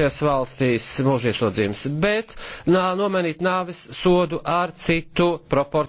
Savienotajās valstīs mūžieslodzījums, bet nā, nomenīt nāvis sodu ar citu proporciju.